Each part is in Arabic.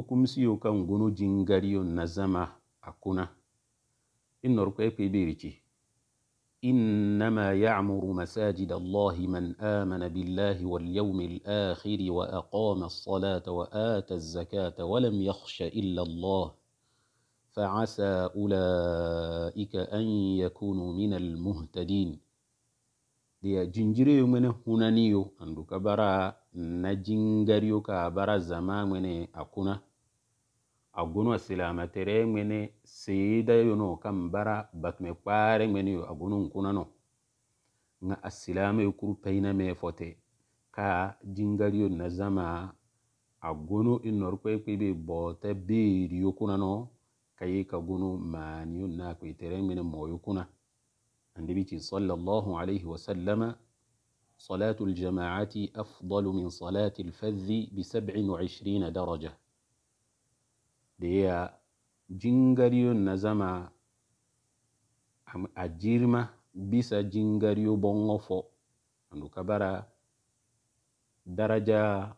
okumsiyo ka ngono jingariyo nazama akuna innorkoye peberiki إنما يعمر مساجد الله من آمن بالله واليوم الآخر وأقام الصلاة وآتى الزكاة ولم يخش إلا الله فعسى أولئك أن يكونوا من المهتدين دي جنجري من هنانيو أندو برا نجنجريو كبرا زمان من أكونه agunu aguno tere ŋmene seida yono kambara bara batume kpare yu agunu nkuna no. Nga asilama yukuru kuru peina me ka jingari yu nazama agunu aguno inor kwekwe be bote beri yo kunano kayi kaguno mani yu na kwetere ŋmene mo yo Andibichi sallallahu alayhi wa sallama صلاة الجماعة أفضل من صلاة الفذ بسبع وعشرين درجة ya jingariyo na zama a jirma bisa jingariyo bongofo fo ka bara daraja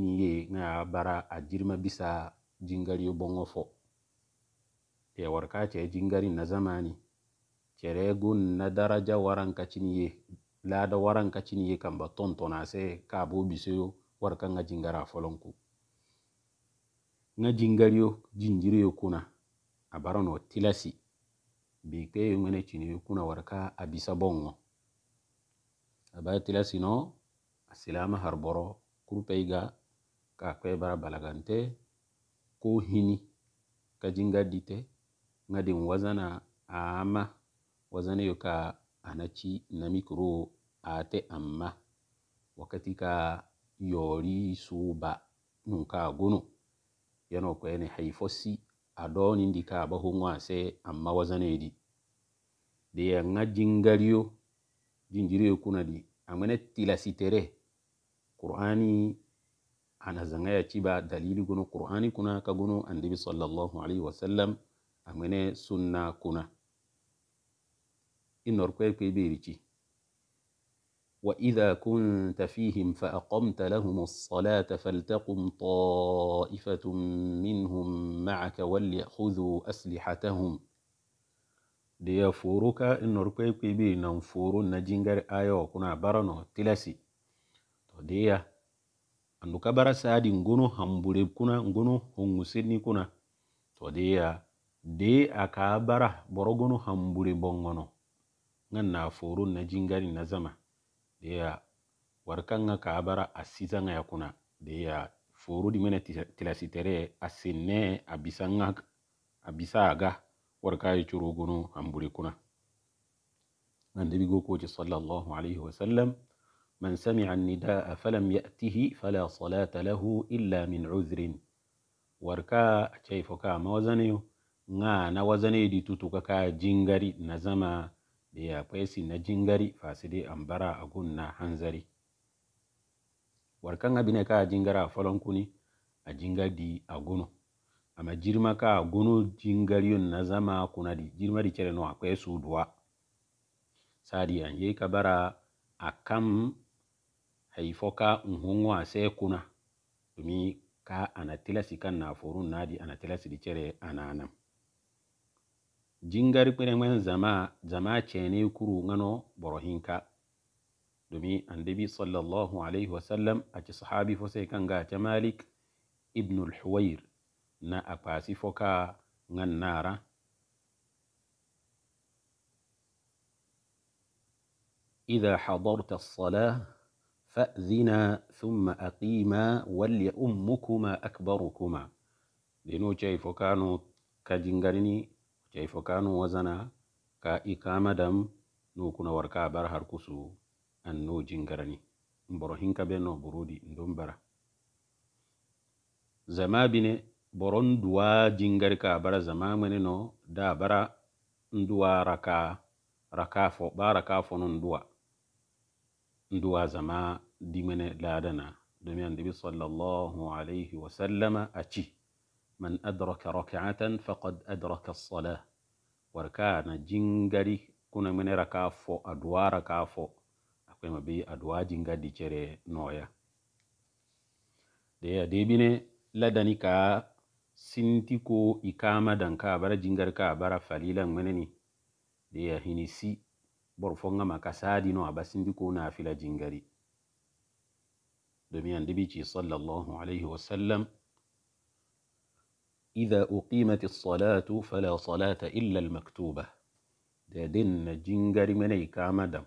ni ye na bara a jirma bisa jingariyo bongofo fo deya warka ce jingari na zamani cere gun na daraja ni ye lada ni ye kamba sai ka bo biseyo warkan ga jingara folonku ŋa jingalyo jinjire yo kuna a barano tilasi bikpe yo ŋene cini yo kuna warka a bisa boŋo a bara tilasi no a silama har boro ka kwe bara balagante ko hini ka jinga dite ŋa din wazana ama wazana yo ka anachi namikro ate amma wakati ka yori suba nunka gunu yano ko ene haifosi, a adoni di ka ba hunwa se amma di. de ya jingariyo jinjiriyo kuna di A mana tilasitere qur'ani ana ci ba dalili gono qur'ani kuna ka gono annabi sallallahu alaihi wasallam mana sunna kuna inorkwe kwe ci. واذا كنت فيهم فاقمت لهم الصلاه فلتقم طائفه منهم معك ولياخذوا اسلحتهم دي فوروكا ان ركوي بي ننفور نجينغر ايو كنا برنو تلاسي دي انو كبر سادي غونو همبوري كنا غونو هونغسيني كنا تو دي دي اكابرا بورغونو همبوري بونغونو نغنا فورو نجينغاري نزمه deya warkanga kabara nga yakuna deya forudi mene tilasitere aga. abisanga abisaga warkaye gunu amburi kuna annabi go koji sallallahu alaihi wa wasallam من سمع النداء فلم يأته فلا salata lahu illa min عذر warka a caifa ka mawazane nga na wazane di tutuka ka jingari na zama da ya kwesi na jingari fasidi ambara agun na hanzari warkan abine ka jingara folon kuni a jingadi a gunu. ama jirma ka gunu jingari yun na zama kuna di jirma di chere no akwe su duwa sadi anje kabara a kam haifoka nhongo se kuna Tumi ka anatilasi kan na forun nadi anatilasi di chere ananam jingari kwenye mwen zama, zama chene ukuru ngano borohinka. Dumi andibi sallallahu alayhi wa sallam achi sahabi foseka nga cha malik ibnul huwair na akwasi foka ngan nara. Iza hadarta salah fa'zina thumma aqima wali ummukuma akbarukuma. Dino chay foka kajingari jey fokanu wazana ka ikama dam nu kuna warka bar har kusu an nu jingarani boro hinka be no burudi ndum bara zama bine boron duwa jingari ka bara zama mene no da bara nduwa raka rakafo ba rakafo nun duwa nduwa zama dimene ladana domin annabi sallallahu alaihi wasallama a ci من أدرك ركعة فقد أدرك الصلاة warkana jingari kuna menera ka fo aduwara ka fo akwai mabi aduwa jinga di cere noya da ya debine ladani ka sinti ko ikama dan ka bara jingar ka bara falilan meneni da ya hinisi borfon ga makasadi no aba sinti ko na fila jingari domin an dibi ci sallallahu alaihi wasallam إذا أقيمت الصلاة فلا صلاة إلا المكتوبة دين جنجر مني كامدم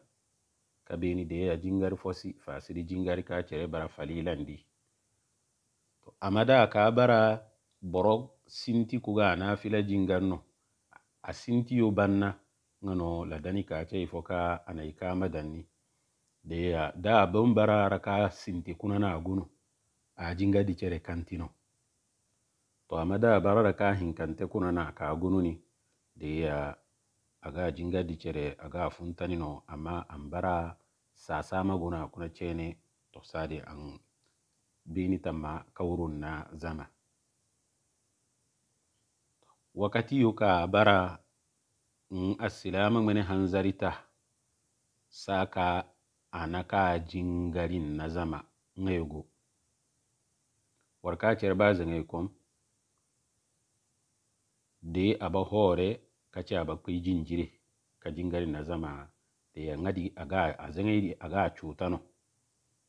كبيني دي جنجر فوسي فاسدي جنجر كاتشري برا فليلان دي أمدا كابرا borog sinti kuga na fila jinganno a sinti yo banna ngano ladani ka ce ifo ka anai ka madanni da da ban barara ka sinti kuna na gunu a jinga di cere kantino to amma da barara ka hinkante kuna na ka gununi da ya aga jinga dicere aga funtani no amma an bara sasa maguna kuna cene to sadi an bini tamma kaurun na zama wakati yuka bara in mm, assalamu mene hanzarita saka anaka jingarin na zama ngayugo warka cerba kom de ka hoore kace aba kwi jinjire ka jingari na zama de ya ngadi aga azengairi aga chutano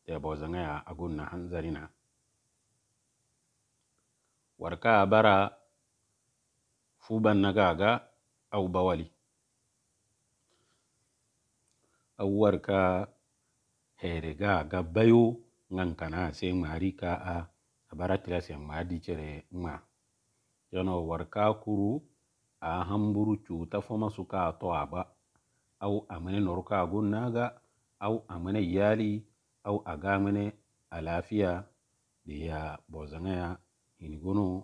de bo zangaya agunna hanzarina warka bara fuban ga au bawali au warka here ga bayo ngan sai mari ka a bara tilasi ma di cere ma teno warkakuru a hamburu cuta foma suka to aba au amene noruka gunnaga au amene yali au aga amene alafiya diya bozangaya inigunu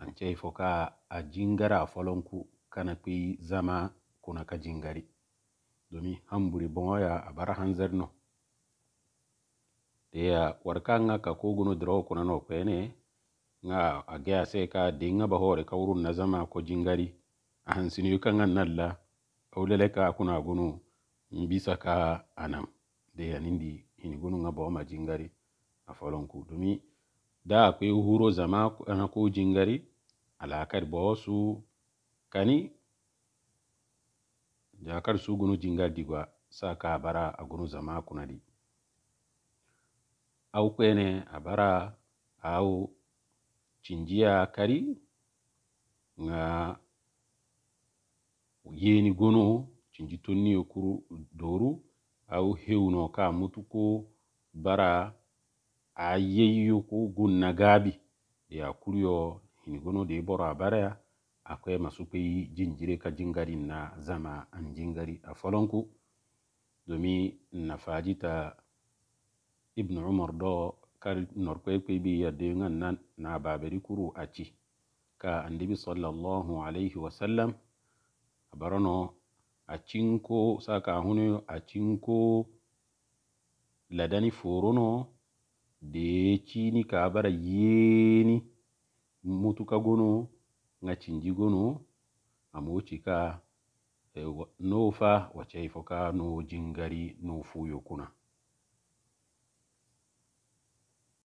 anche ifoka a jingara folonku kana kwi zama kuna ka jingari domi hamburi bonoya a bara hanzerno diya warkanga ka kugunu drow kuna no kwene nga a geya se ka dinga ba hore ka wurun nazama ko jingari a hansini yuka ngan nalla awlele ka kuna gunu mbisa ka anam de ya nindi hini gunu nga ba jingari a falon ku dumi da ku huro zama ana ko jingari alakar ba su kani jakar su gunu jingar digwa sa ka bara a gunu zama kuna di aw kwene a bara aw cinjiya kari nga yeni gono cinji tonniyo okuru doru au hewno ka mutuko bara a ko gunna gabi ya kuryo hini gono de boro bara baraya akwai masu jinjire ka jingari na zama an jingari a folonku domin na fajita ibn umar do kar norkoykoy bi yardeyungan nan na baberi kuru acci ka andibi sallallahu alayhi wa sallam abarono accinko saka ahunoyo accinko ladani foruno de cini ka bara yeni mutuka gono nga cinji gono amoci ka e, wa, nofa wacaifo ka no jingari no fuyo kuna